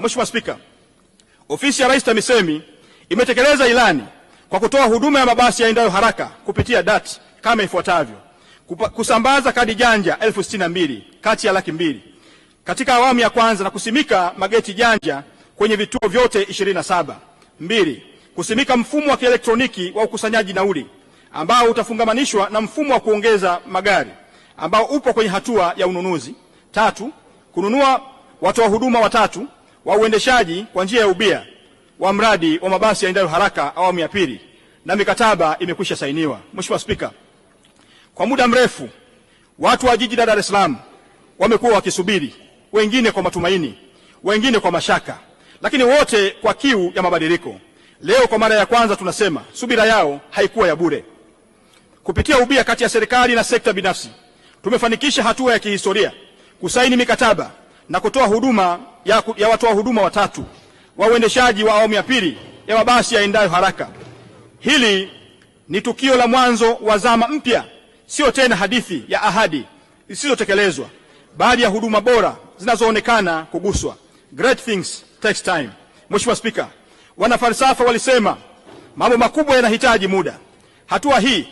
Mheshimiwa Spika, ofisi ya Rais TAMISEMI imetekeleza ilani kwa kutoa huduma ya mabasi yaendayo haraka kupitia DART kama ifuatavyo: kusambaza kadi janja elfu sitini na mbili kati ya laki mbili katika awamu ya kwanza na kusimika mageti janja kwenye vituo vyote 27. Mbili, kusimika mfumo wa kielektroniki wa ukusanyaji nauli ambao utafungamanishwa na mfumo wa kuongeza magari ambao upo kwenye hatua ya ununuzi. Tatu, kununua watoa huduma watatu wa uendeshaji kwa njia ya ubia wa mradi wa mabasi yaendayo haraka awamu ya pili na mikataba imekwisha sainiwa. Mheshimiwa Spika, kwa muda mrefu watu wa jiji la Dar es Salaam wamekuwa wakisubiri, wengine kwa matumaini, wengine kwa mashaka, lakini wote kwa kiu ya mabadiliko. Leo kwa mara ya kwanza tunasema subira yao haikuwa ya bure. Kupitia ubia kati ya serikali na sekta binafsi, tumefanikisha hatua ya kihistoria kusaini mikataba na kutoa huduma ya, ya watoa wa huduma watatu wa uendeshaji wa awamu ya pili ya mabasi yaendayo haraka. Hili ni tukio la mwanzo wa zama mpya, sio tena hadithi ya ahadi zisizotekelezwa, bali ya huduma bora zinazoonekana kuguswa. Great things takes time. Mheshimiwa Spika, wanafalsafa walisema mambo makubwa yanahitaji muda. Hatua hii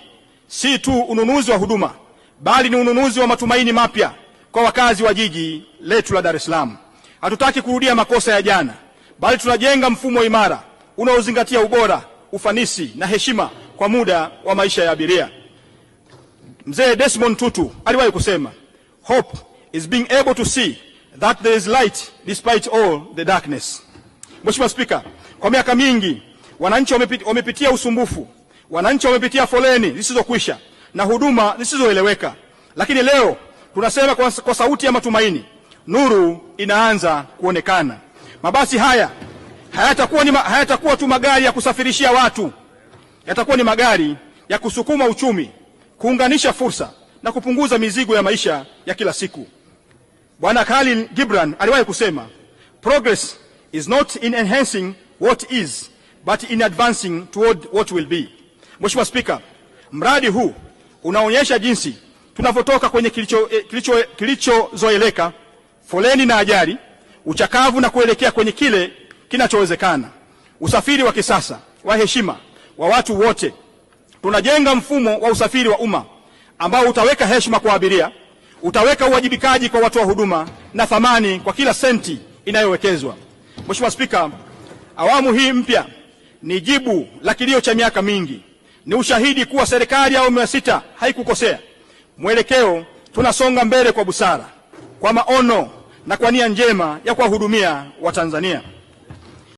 si tu ununuzi wa huduma, bali ni ununuzi wa matumaini mapya kwa wakazi wa jiji letu la Dar es Salaam. Hatutaki kurudia makosa ya jana, bali tunajenga mfumo imara unaozingatia ubora, ufanisi na heshima kwa muda wa maisha ya abiria. Mzee Desmond Tutu aliwahi kusema, hope is being able to see that there is light despite all the darkness. Mheshimiwa Spika, kwa miaka mingi wananchi wamepitia usumbufu, wananchi wamepitia foleni zisizokwisha na huduma zisizoeleweka, lakini leo tunasema kwa, kwa sauti ya matumaini nuru inaanza kuonekana. Mabasi haya hayatakuwa ma, hayatakuwa tu magari ya kusafirishia watu, yatakuwa ni magari ya kusukuma uchumi, kuunganisha fursa na kupunguza mizigo ya maisha ya kila siku. Bwana Khalil Gibran aliwahi kusema, progress is not in enhancing what is but in advancing toward what will be. Mheshimiwa Spika, mradi huu unaonyesha jinsi tunavyotoka kwenye eh, kilichozoeleka kilicho, kilicho foleni na ajali, uchakavu na kuelekea kwenye kile kinachowezekana, usafiri wa kisasa wa heshima wa watu wote. Tunajenga mfumo wa usafiri wa umma ambao utaweka heshima kwa abiria, utaweka uwajibikaji kwa watoa huduma na thamani kwa kila senti inayowekezwa. Mheshimiwa Spika, awamu hii mpya ni jibu la kilio cha miaka mingi, ni ushahidi kuwa serikali ya awamu ya sita haikukosea mwelekeo. Tunasonga mbele kwa busara kwa maono na kwa nia njema ya kuwahudumia Watanzania.